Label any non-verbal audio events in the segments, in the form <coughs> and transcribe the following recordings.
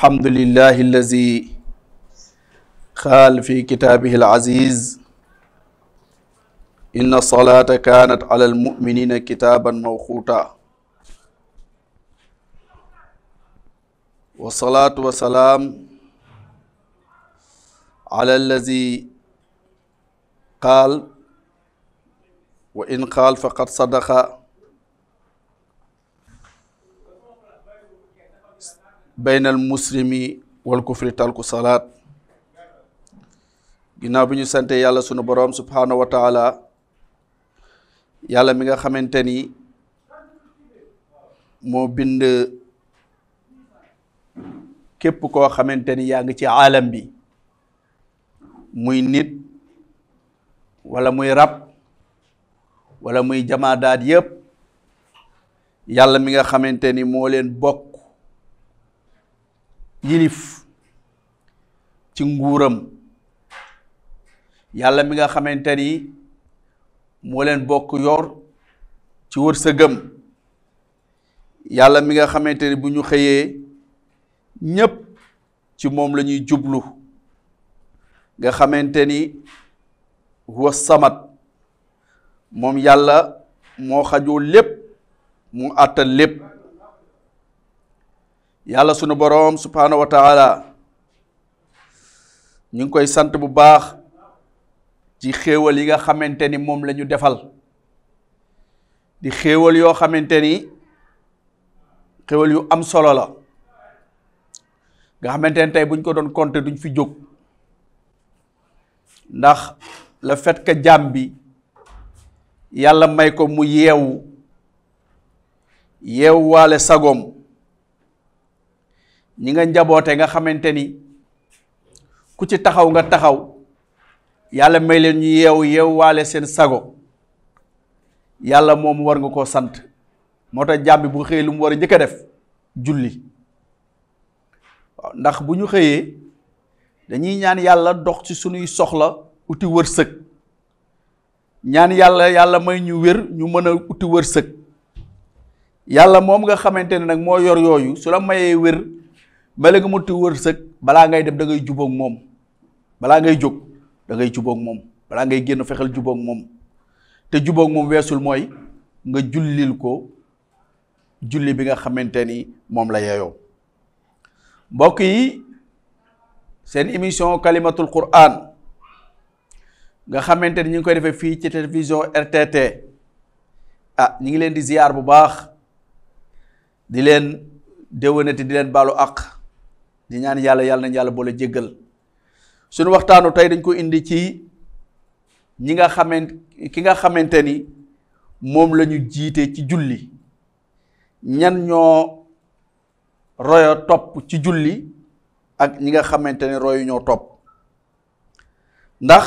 الحمد لله الذي قال في كتابه العزيز إن الصلاة كانت على المؤمنين كتابا موقوتا والصلاة والسلام على الذي قال وإن قال فقد صدق baynal muslimi wal kufri talku salaat ginnaaw bi ñu santee yàlla sunu borom subhaanahu wa taala yàlla mi nga xamante ni moo bind képp koo xamante ni yaa ngi ci aalam bi muy nit wala muy rab wala muy jamaadaat yépp yàlla mi nga xamante ni moo leen bokk yilif ci nguuram yàlla mi nga xamante ni moo leen bokk yor ci wërsëgam yàlla mi nga xamante ni bu ñu xëyee ñépp ci moom la ñuy jublu nga xamante ni huwa samat moom yàlla moo xajoo lépp mu àttal lépp yàlla sunu boroom subhaanahu wa ñu ngi koy sant bu baax ci xéewal yi nga xamante ni moom lañu defal di xéewal yoo xamante ni xéewal yu am solo la nga xamante ni tey buñ ko doon compter duñ fi jóg ndax le fait que jaam bi yàlla may ko mu yeewu yeewu waale sagoom ñi nga njaboote nga xamante ni ku ci taxaw nga taxaw yàlla may leen ñu yeewu yeewwaale seen sago yàlla moom war nga koo sant moo tax jàmm bi bu xëyee lu mu war a njëkk a def julli ndax bu ñu xëyee dañuy ñaan yàlla dox ci sunuy soxla uti wërsëg ñaan yàlla yàlla may ñu wér ñu mën a uti wërsëg yàlla moom nga xamante ni nag moo yor yooyu su la mayee wér bala nga motti wërsëg balaa ngay def da ngay moom balaa ngay jóg da ngay moom balaa ngay génn fexeel jubóog moom te jubóog moom weesul mooy nga jullil ko julli bi nga xamante ni moom la yeyoo mbokk yi seen émission kalimatul quran nga xamante ni ñu ngi koy defee fii ci télévision RTT ah ñu ngi leen di ziyaar bu baax di leen déwénati di leen baalu àq di ñaan yàlla yàlla nañ yàlla boole jéggal suñu waxtaanu tey dañ ko indi ci ñi nga xamante ki nga xamante ni moom lañu jiite ci julli ñan ñoo royo topp ci julli ak ñi nga xamante ni royu ñoo topp ndax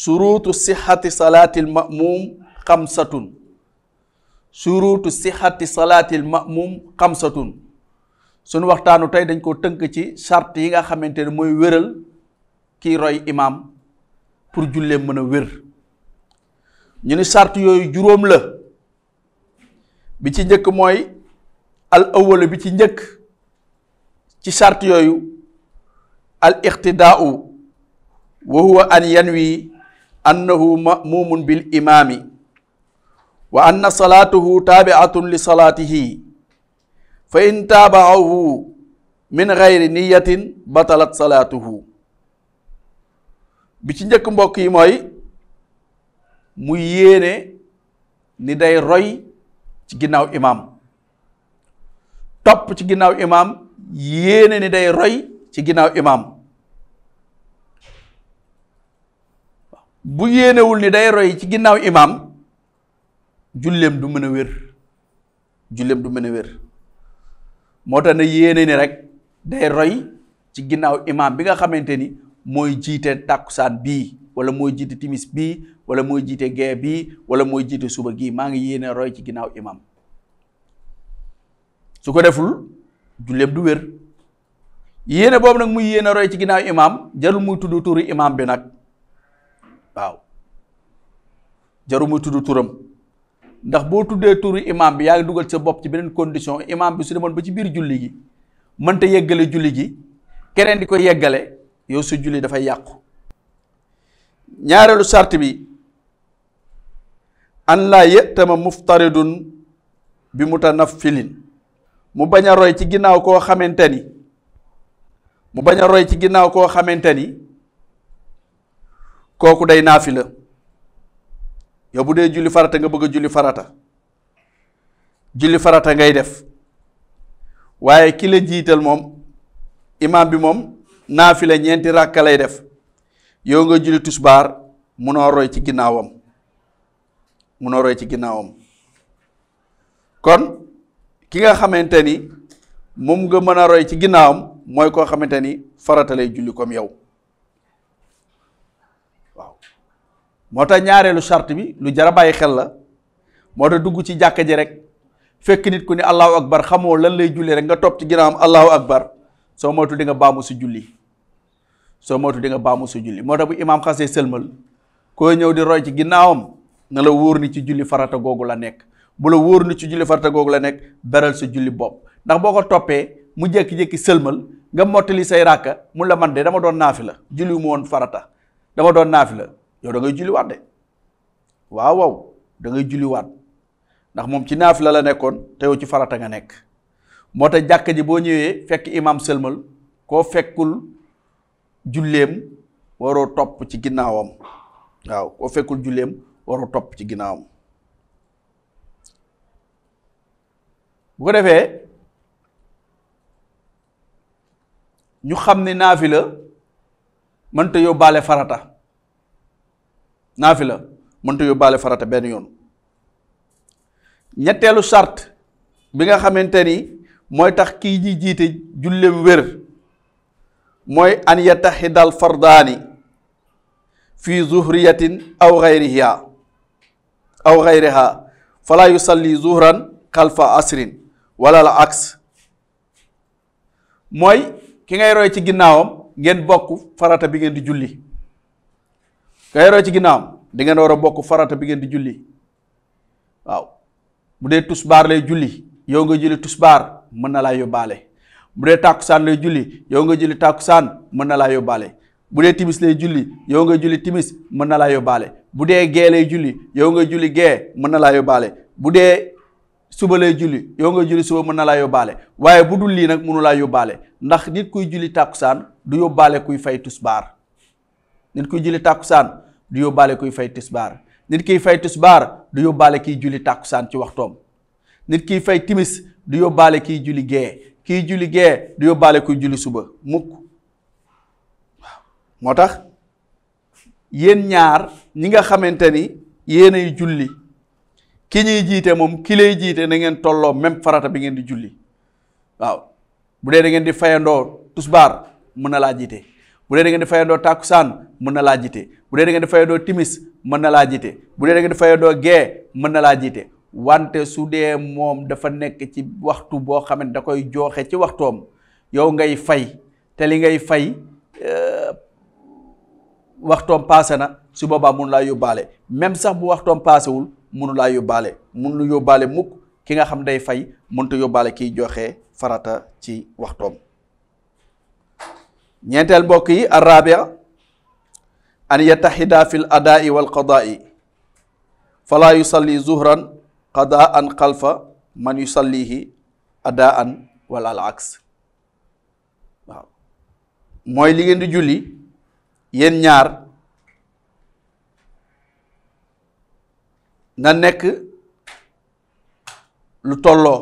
suruutu sixati salaatil ma'muum xamsatun suruutu sixati salaatil ma'muum xamsatun sunu waxtaanu tey dañ ko tënk ci sart yi nga xamante ne mooy wéral kiy roy imaam pour julleem mën a wér ñu ni sart yooyu juróom la bi ci njëkk mooy al awwal bi ci njëkk ci sart yooyu al iqtidaau wa huwa an yanwi annahu ma'mumun bil imaami wa anna salaatuhu taabiatun li salaatihi fa in taabaahu min gayri niyatin batalat salaatuhu bi ci njëkk mbokk yi mooy mu yéene ni day roy ci ginnaaw imaam topp ci ginnaaw imaam yéene ni day roy ci ginnaaw imaam bu yéenewul ni day roy ci ginnaaw imaam julleem du mën a wér julleem du mën a wér moo tax ne yéene ni rek day roy ci ginnaaw imaam bi nga xamante ni mooy jiite tàkkusaan bii wala mooy jiite timis bii wala mooy jiite gee bii wala mooy jiite suba gii maa ngi yéene roy ci ginnaaw imaam su ko deful julleeb du wér yéene boobu nag muy yéene roy ci ginnaaw imaam jarul muy tudd turu imaam bi nag waaw jarul muy tudd turam ndax boo tuddee turu imam bi yaa dugal sa bopp ci beneen condition imam bi su demoon ba ci biir julli gi mënta yeggale julli gi keneen di ko yeggale yow sa julli dafay yàqu ñaareelu sart bi an laa yëttama muftaridun bi mu mutanafilin mu bañ a roy ci ginnaaw koo xamante ni mu bañ a roy ci ginnaaw koo xamante ni kooku day naafi la yow bu dee julli farata nga bëgg a julli farata julli farata ngay def waaye ki la jiital moom imaam bi moom naa naafila ñeenti ràkka lay def yow nga julli tisbaar munoo roy ci ginnaawam munoo roy ci ginnaawam kon ki nga xamante ni moom nga mën a roy ci ginnaawam mooy koo xamante ni farata lay julli comme yow moo tax ñaareelu charte bi lu jar a bàyyi xel la moo tax dugg ci jàkka ji rek fekk nit ku ne allahu akbar xamoo lan lay julli rek nga topp ci ginnaawam allahu akbar soo moytu di nga baamu si julli soo moytu di nga baamu si moo tax bu imaam xasee sëlmal koo ñëw di roy ci ginnaawam na la wóor ni ci julli farata googu la nekk bu la wóor ni ci julli farata googu la nekk beral sa julli bopp ndax boo ko toppee mu jékki-jékki sëlmal nga mottali say ràkka mu la man de dama doon naafi la julli mu woon farata dama doon naafi la yow dangay ngay julliwaat de waaw waaw da ngay julliwaat ndax moom ci naafi la nekkoon te yow ci farata nga nekk moo tax jàkka ji boo ñëwee fekk imaam sëlmal koo fekkul julleem waroo topp ci ginnaawam waaw koo fekkul ci ginnaawam bu ko defee ñu xam ne naafila mënta yóbbaale farata naafila mënta yóbbaale farata benn yoon ñetteelu sart bi nga xamante ni mooy tax kii ñi jiite julleem wér mooy an yataxidal fardaani fi zuhriyatin aw xayriha aw xayriha fala yusalli zuhran xalfa asrin wala la aks mooy ki ngay roy ci ginnaawam ngeen bokk farata bi ngeen di julli nga yoroo ci ginnaaw da ngeen war a bokk farata bi ngeen di julli waaw bu dee tusbaar lay julli yow nga julli tusbaar mën na laa yóbbaale bu dee tàkkusaan lay julli yow nga julli tàkkusaan mën na laa yóbbaale bu dee timis lay julli yow nga julli timis mën na laa yóbbaale bu dee gee lay yow nga julli gee mën na laa yóbbaale bu dee suba lay julli yow nga julli suba mën na laa yóbbaale waaye bu dul lii nag mënu yóbbaale ndax nit kuy julli tàkkusaan du yóbbaale kuy fay tusbaar nit kuy julli tàkkusaan du yóbbaale kuy fay tisbaar nit kiy fay tisbaar du yóbbaale kiy julli tàkkusaan ci waxtoom nit kiy fay timis du yóbbaale kiy julli gee kiy julli gee du yóbbaale kuy julli suba mukk moo tax yéen ñaar ñi nga xamante ni yéenay julli ki ñuy jiite moom ki lay jiite na ngeen tolloo même farata bi ngeen di julli waaw bu dee da ngeen di fayandoo tusbaar mën na laa jiite bu dee da ngeen di fayandoo tàkkusaan mën na laa jiite bu dee da ngeen di fayandoo timis mën na laa jiite bu dee da ngeen di fayandoo gee mën na laa jiite wante su dee moom dafa nekk ci waxtu boo xam ne da jooxe ci waxtoom yow ngay fay te li ngay fay euh, waxtoom paase na su boobaa mënu laa yóbbaale même sax bu waxtoom paasewul mënu laa yóbbaale mënu yóbbaale mukk ki nga xam day fay mënta yóbbaale kiy joxe farata ci waxtoom ñeenteel mbokk yi arrabia an yattaxida fi l adaai wal qadaai falaa yusalli zuhran qadaan xalfa man yusallihi adaan wala al aks mooy li ngeen di julli yéen ñaar na nekk lu tolloo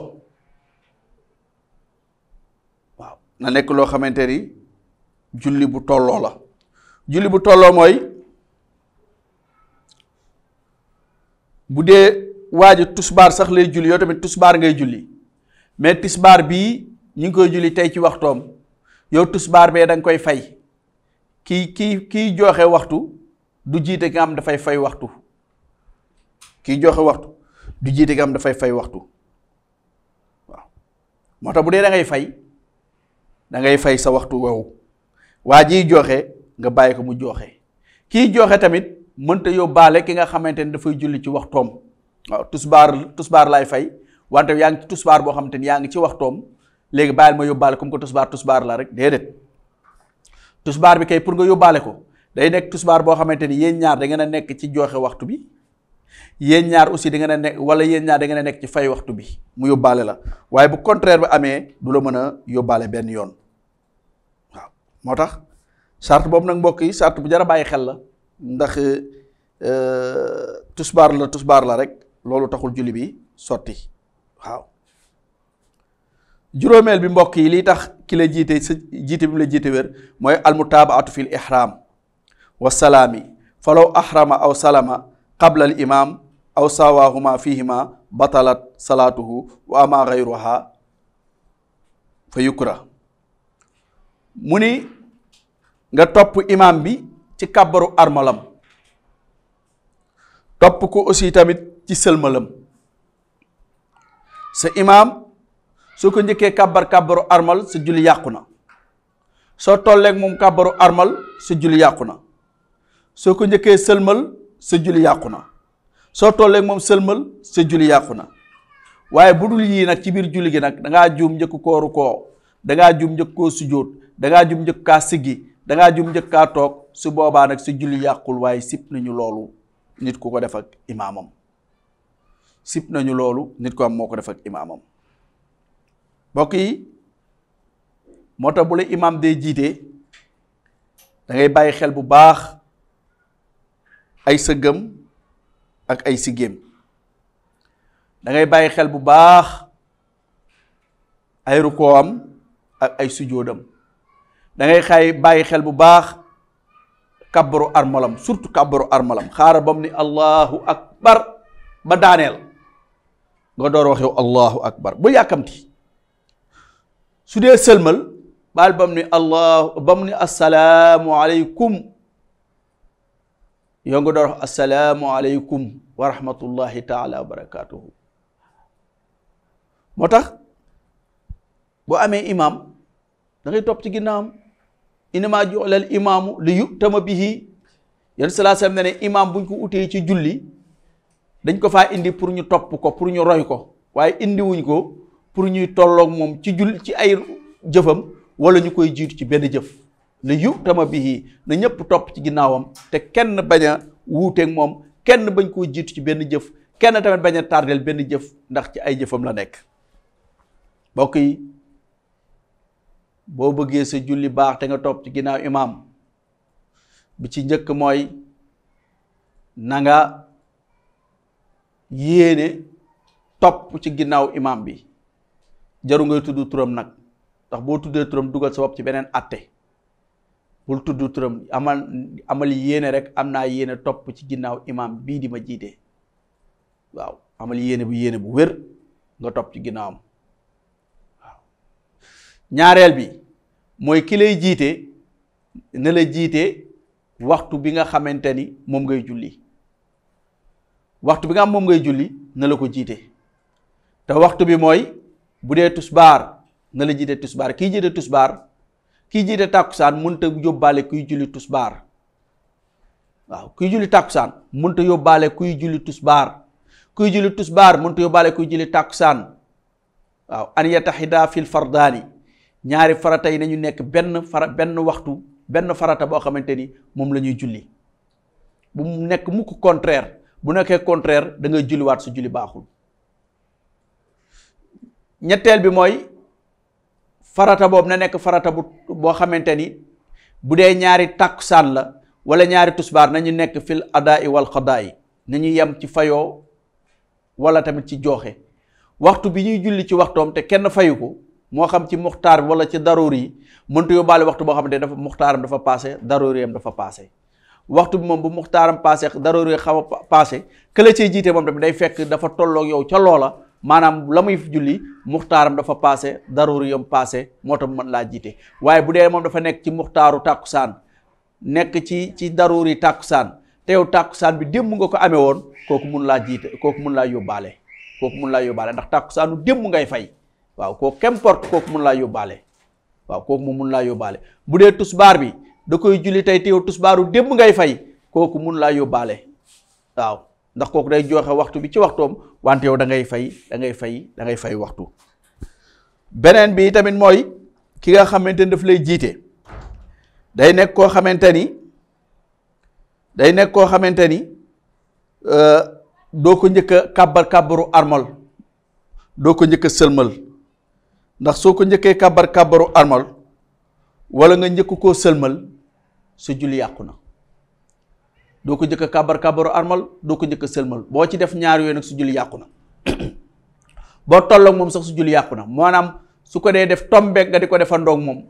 waaw na nekk loo xamante ni julli bu tolloo la julli bu tolloo mooy bu dee waa ji tusbaar sax lay julli yow tamit tusbaar ngay julli mais tisbaar bii ñu ngi koy julli tey ci waxtoom yow tusbaar bee da koy fay kii ki kii jooxe waxtu du jiite nga am dafay fay waxtu kii joxe waxtu du jiite dafay fay waxtu waaw moo tax bu dee da fay dangay fay sa waxtu woowu waa jiy joxe nga bàyyi ko mu joxe kii jooxe tamit mënta yóbbaale ki nga xamante ni dafay julli ci wax toom waaw tusbaar tusbaar laay fay wante yaa ngi boo xamante ni yaa ngi ci waxtoom léegi bàyyil ma yóbbaale comme que tusbaar tusbaar la rek déedéet tusbaar bi kay pour nga yóbbaale ko day nekk tusbaar boo xamante ni yéen ñaar da ngeen a nekk ci jooxe waxtu bi yéen ñaar aussi da ngeen a nekk wala yéen ñaar da ngeen a nekk ci fay waxtu bi mu yóbbaale la waaye bu contraire bi amee du la mën a yóbbaale benn yoon. moo tax charte boobu nag mbokk yi charte bu jar bàyyi xel la ndax euh, tusbaar la tusbaar la rek loolu taxul julli bi sotti waaw juróomeel bi mbokk yi lii tax ki la jiite sa jiite bi mu la jiite wér mooy almutaabaatu fil ihram wa salaami falaw ahrama aw salama qabla al aw sawaahuma fihima batalat salaatuhu wa ama gayruha fa yukra mu ni nga topp imaam bi ci kàbbaru armalam topp ko aussi tamit ci sëlmalam sa imaam soo ko njëkkee kàbbar kàbbaru armal sa julli yàqu na soo tolleeg moom kàbbaru armal sa na soo ko njëkkee sëlmal sa julli yàqu na soo tolleeg moom sëlmal sa julli yàqu na waaye bu dul yii nag ci biir julli gi nag dangaa juum njëkk kooru koo dangaa juum njëkk koo sujjóot dangaa juum njëkk kaa siggi dangaa jum njëkkaa toog su boobaa nag sa julli yàqul waaye sip nañu loolu nit ku ko def ak imaamam sip nañu loolu nit ko am moo ko def ak mbokk yi moo tax bu la imaam dee jiite dangay bàyyi xel bu baax ay sëggam ak ay siggéem dangay bàyyi xel bu baax ay am ak ay sujoodam da ngay xay bàyyi xel bu baax kabbaru armalam surtout kabbaru armalam xaaral ba mu ni allahu akbar ba daaneel nga door wax yow allahu akbar bu yàkkamti su dee sëlmal baal ba mu ni allahu ba mu ni assalaamu aleykum yow nga door wax assalaamu barakatuhu moo tax boo amee imaam da topp ci ginnaawam innama ju'ilal imaamu li yu'tama bihi yéen salaa sallam ne ne imaam buñ ko utee ci julli dañ ko faa indi pour ñu topp ko pour ñu roy ko waaye indiwuñ ko pour ñuy tolloog moom ci jull ci ay jëfam wala ñu koy jiitu ci benn jëf li yu'tama bihi na ñëpp topp ci ginnaawam te kenn bañ a wuuteeg moom kenn bañ koo jiitu ci benn jëf kenn tamit bañ a tardeel benn jëf ndax ci ay jëfam la nekk mbokk yi boo bëggee sa julli baax te nga topp ci ginnaaw imaam bi ci njëkk mooy na yéene topp ci ginnaaw imaam bi jaru ngay tudd turam nag ndax boo tuddee turam dugal sa bopp ci beneen atte bul tudd turam amal amal yéene rek am naa yéene topp ci ginnaaw imaam bii di ma jiite waaw amal yéene bu yéene bu wér nga topp ci ginnaawam ñaareel bi mooy ki lay jiite ne la jiite waxtu bi nga xamante ni moom ngay julli waxtu bi nga xam moom ngay julli na la ko jiite te waxtu bi mooy bu dee tusbaar na la jiite tusbaar kii jiite tusbaar kii jiite tàkkusaan mënta yóbbaale kuy julli tusbaar waaw kuy julli tàkkusaan mënta yóbbaale kuy julli tusbaar kuy julli tusbaar mënta yóbbaale kuy julli tàkkusaan waaw an yataxidaa fil fardaani ñaari farata yi nañu nekk benn fara benn waxtu benn farata boo xamante ni moom la ñuy julli bu nekk mukk contraire bu nekkee contraire da ngay julliwaat su julli baaxul ñetteel bi mooy farata boobu na nekk farata bu boo xamante ni bu dee ñaari tàkkusaan la wala ñaari tusbaar nañu nekk fil adaa'i wal qadaa'i nañu yem ci fayoo wala tamit ci jooxe waxtu bi ñuy julli ci waxtoom te kenn fayu ko moo xam ci muxtaar bi wala ci daruur yi mënut yóbbaale waxtu boo xam ne dafa muxtaaram dafa paase daruur yam dafa paase waxtu bi moom bu muxtaaram paase daruur yi xaw a paase kële cee jiite moom tamit day fekk dafa tolloog yow ca loola maanaam la muy julli muxtaaram dafa paase daruur yam paase moo tax mën laa jiite waaye bu dee moom dafa nekk ci muxtaaru tàkkusaan nekk ci ci daruur yi tàkkusaan te yow tàkkusaan bi démb nga ko amee woon kooku mun laa jiite kooku mun laa yóbbaale kooku mun laa yóbbaale ndax tàkkusaanu démb ngay fay waaw kooku qu'importe kooku mun laa yóbbaale waaw kooku mu mun laa yóbbaale bu dee tusbaar bi da koy julli tey teew tusbaaru démb ngay fay kooku mun laa yóbbaale waaw ndax kooku day joxe waxtu bi ci waxtoom wante yow da ngay fay da ngay fay da ngay fay waxtu beneen bi tamit mooy ki nga xamante ni daf lay jiite day nekk koo xamante ni day nekk koo xamante ni euh, doo ko njëkk a kàbbar kàbbaru armal doo ko njëkk a sëlmal ndax soo ko njëkkee kàbbar kàbbaru armal wala nga njëkk koo sëlmal sa julli yàqu na doo ko njëkk a kàbbar kàbbaru armal doo ko njëkk sëlmal boo ci def ñaar yooyu nag su julli yàqu na <coughs> boo tolloog moom sax su julli yàqu na maanaam su ko dee def tombeek nga di ko defandoog moom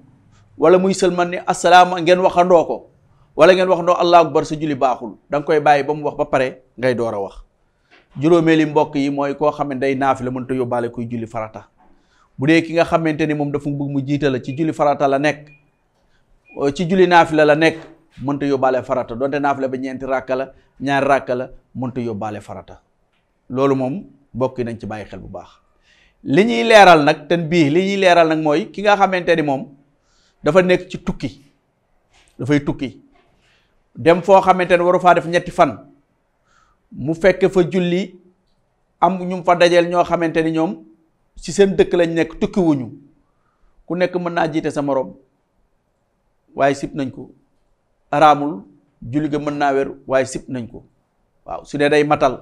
wala muy sëlmal ni asalaama ngeen waxandoo ko wala ngeen waxandoo allahu akbar sa julli baaxul da nga koy bàyyi ba mu wax ba pare ngay door a wax juróomeeli mbokk yi mooy koo xam ne day naafi la mënta yóbbaale kuy julli farata bu dee ki nga xamante ni moom dafa bëgg mu jiita la ci julli farata la nekk euh, ci julli naafila la nekk mënta yóbbaale farata donte naafila ba ñeenti ràkka la ñaari ràkka la mënta yóbbaale farata loolu moom bokk nañ ci bàyyi xel bu baax li ñuy leeral nag ten bii li ñuy leeral nag mooy ki nga xamante ni moom dafa nekk ci tukki dafay tukki dem foo xamante ne waru faa def ñetti fan mu fekk fa julli am ñu fa dajeel ñoo xamante ni ñoom ci seen dëkk lañ nekk tukki ku nekk mën naa jiite sa moroom waaye sib nañ ko araamul julli ga mën naa wér waaye sib nañ ko waaw su dee day matal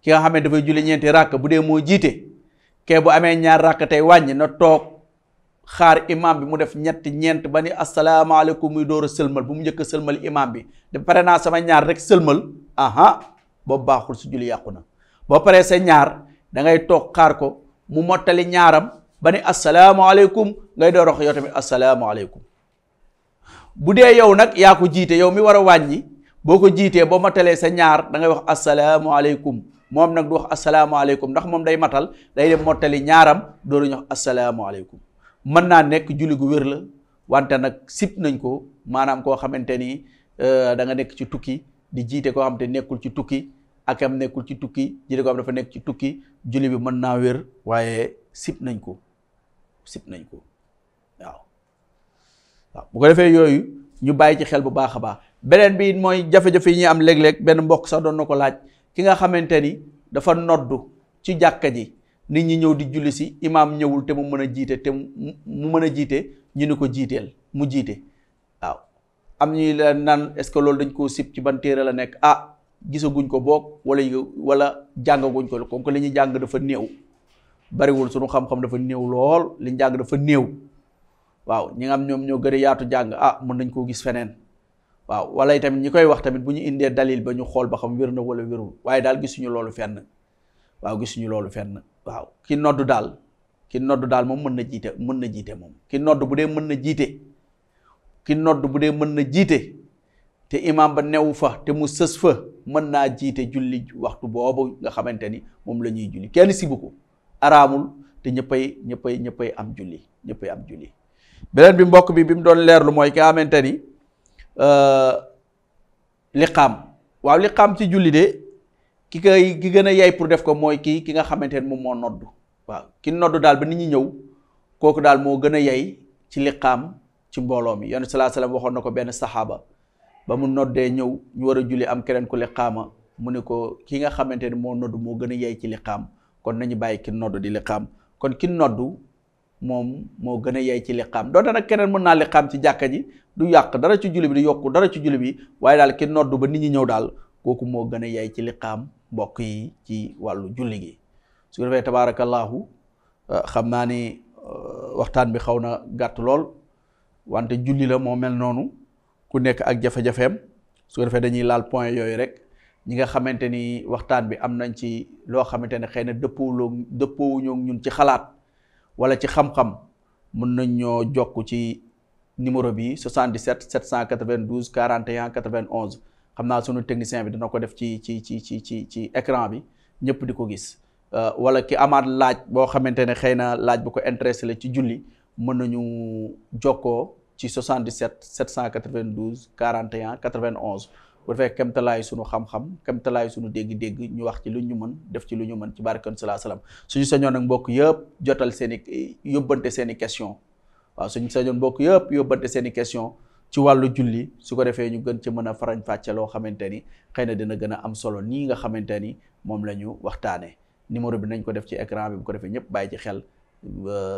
ki nga xam ne dafay julli ñeenti ràkk bu dee moo jiite kee bu amee ñaar ràkk tey wàññi na toog xaar imam bi mu def ñetti ñeent ba ni asalaamaaleykum muy door a sëlmal bu mu njëkk a sëlmal imam bi de pare naa sama ñaar rek sëlmal aha boobu baaxul si julli yàqu na boo paree sa ñaar dangay toog xaar ko mu mottali ñaaram ba ne asalaamaaleykum ngay door wax yow tamit asalaamaaleykum bu dee yow nag yaa ko jiite yow mi war a wàññi boo ko jiitee boo mottalee sa ñaar da ngay wax asalaamaaleykum moom nag du wax asalaamaaleykum ndax moom day matal day dem mottali ñaaram dooru ñu wax asalaamaaleykum mën naa nekk julli gu wér la wante nag sip nañ ko maanaam koo xamante ni euh, da nga nekk ci tukki di jiite koo xam xamante nekkul ci tukki ak am nekkul ci tukki jiite koo dafa nekk ci tukki julli bi mën naa wér waaye sib nañ ko sib nañ ko waaw bu ko defee yooyu ñu bàyyi ci xel bu baax a baax beneen bi mooy jafe-jafe yi ñuy am léeg-léeg benn mbokk sax doon na ko laaj ki nga xamante ni dafa noddu ci jàkka ji nit ñi ñëw di julli si imaam ñëwul te mu mën a jiite te mu mën a jiite ñu ni ko jiiteel mu jiite waaw am ñuy la naan est-ce que loolu dañ koo sib ci ban téere la nekk ah gisaguñ ko boog wala wala jàngaguñ ko comme que jàng dafa néew bariwul sunu xam dafa néew lool li ñu dafa néew waaw ñi nga am ñoom ñoo gën yaatu jàng ah mën nañ koo gis feneen waaw wala tamit ñi koy wax tamit bu ñu indee dalil ba ñu xool ba xam na wala wérul waaye daal gisuñu loolu fenn waaw gisuñu loolu fenn waaw ki noddu daal ki noddu daal moom mën na jiite mën na jiite moom ki noddu bu dee mën na jiite ki noddu bu dee mën na jiite te imam ba newu fa te mu sës fa. mën naa jiite julli waxtu boobu nga xamante ni moom la ñuy julli kenn sibu ko araamul te ñëppay ñëppay am julli ñëppay am julli beneen bi mbokk bi bi mu doon leerlu mooy ki nga xamante ni euh, liqaam waaw liqaam ci julli ki kay ki gën a yay pour def ko mooy kii ki nga xamante ni moom moo noddu waaw ki noddu daal ba nit ñi ñëw kooku daal moo gën a yay ci liqaam ci mbooloo mi yonent sallallahu alayhi waxoon na ko benn saxaaba ba mu noddee ñëw ñu war a julli am keneen ku liqaama mu ne ko ki nga xamante ni moo nodd moo gën a yey ci liqaam kon nañu bàyyi ki nodd di liqaam kon ki noddu moom moo gën a yey ci liqaam donte nag keneen mën naa liqaam ci jàkka ji du yàq dara ci julli bi du yokku dara ci julli bi waaye daal ki noddu ba nit ñi ñëw daal kooku moo gën a yey ci liqaam mbokk yi ci wàllu julli gi su ko defee tabaarakallaahu ah, xam naa ni ah, waxtaan bi xaw na gàtt lool wante julli la moo mel noonu ku nekk ak jafe-jafeem su ko defee dañuy laal point yooyu rek ñi nga xamante ni waxtaan bi am nañ ci loo xamante ne xëy na dëppoo dëppoowuñoo ñun ci xalaat wala ci xam-xam mën nañ ñoo jokk ci numéro bi 77 792 41 91 xam naa sunu technicien bi dina ko def ci ci ci ci ci ci écran bi ñëpp di ko gis euh, wala ki amaat laaj boo xamante ne xëy na laaj bi ko intéressé la ci julli mën nañu jokkoo. ci 77 792 41 91 bu defee kemtalaay sunu xam-xam kemtalaay sunu dégg-dégg ñu wax ci lu ñu mën def ci lu ñu mën ci kon salaa salaam suñu sañoon nag mbokk yëpp jotal seen i yóbbante seen i question waaw suñu sañoon mbokk yëpp yóbbante seen i question ci wàllu julli su ko defee ñu gën ci mën a farañ fàccee loo xamante ni xëy na dina gën a am solo nii nga xamante ni moom la ñu waxtaanee numéro bi nañ ko def ci écran bi bu ko defee ñëpp bàyyi xel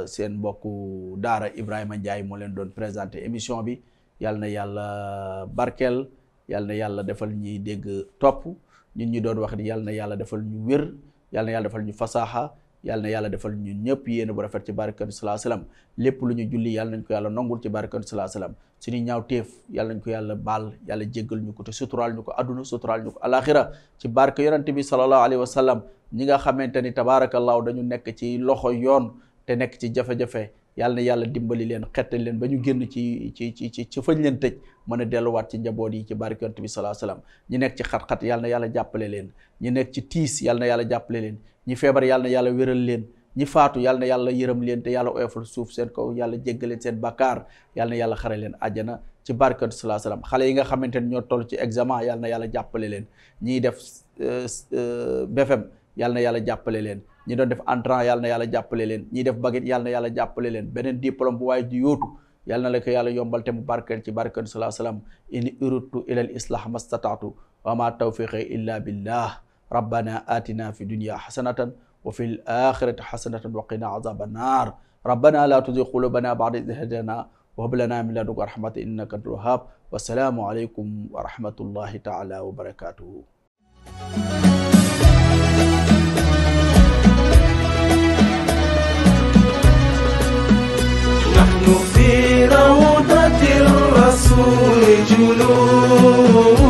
seen mbokku Daara Ibrahima Ndiaye moo leen doon présenté émission bi yàlla na yàlla barkeel yàlla na yàlla defal ñuy dégg topp ñu ñi doon wax ni yàlla na yàlla defal ñu wér yàlla yàlla defal ñu fasaaxa yàlla yàlla defal ñu ñëpp yéen bu rafet ci barkatu salaa salaam lépp lu ñu julli yàlla nañ ko yàlla nongul ci barkatu salaa salaam suñu ñaw téef yàlla nañ ko yàlla baal yàlla jéggal ñu ko te suturaal ñu ko àdduna suturaal ñu ko alaxira ci barke yonante bi sallallahu alayhi wa ñi nga xamante ni tabaarakallahu dañu nekk ci loxo yoon te nekk ci jafe-jafe yàlla na yàlla dimbali leen xettal leen ba ñu génn ci ci ci ci ci fañ leen tëj mën a delluwaat ci njaboot yi ci barke yonent bi salaa salaam ñi nekk ci xat-xat yàlla na yàlla jàppale leen ñi nekk ci tiis yàlla na yàlla jàppale leen ñi feebar yàlla yàlla wéral leen ñi faatu yàlla yàlla yërëm leen te yàlla oyofal suuf seen kaw yàlla jéggaleen seen bakkaar yàlla yàlla xare leen àjjana ci barke salaa salaam xale yi nga xamante ne ñoo toll ci examen yàlla na yàlla jàppale leen ñiy def euh, euh, BFM yàlla na yàlla jàppale leen ñi doon def entrant yàlla na yàlla jàppale leen ñi def baguette yàlla na yàlla jàppale leen beneen diplôme bu waaye di yóotu yàlla na la ko yàlla yombal te mu barkeel ci barkeel salaa salaam in uridtu ila al islah mastataatu wa ma tawfiqi illa billah rabbana atina fi dunya xasanatan wa fi l axirati xasanatan wa qina azaba annaar rabbana la tuzi qulubana bada id hadana wa hab lana min ladunka rahmatan innaka antal wahhab wa salaamu aleykum wa rahmatullahi taala wa barakatuhu في روضة الرسول جلوس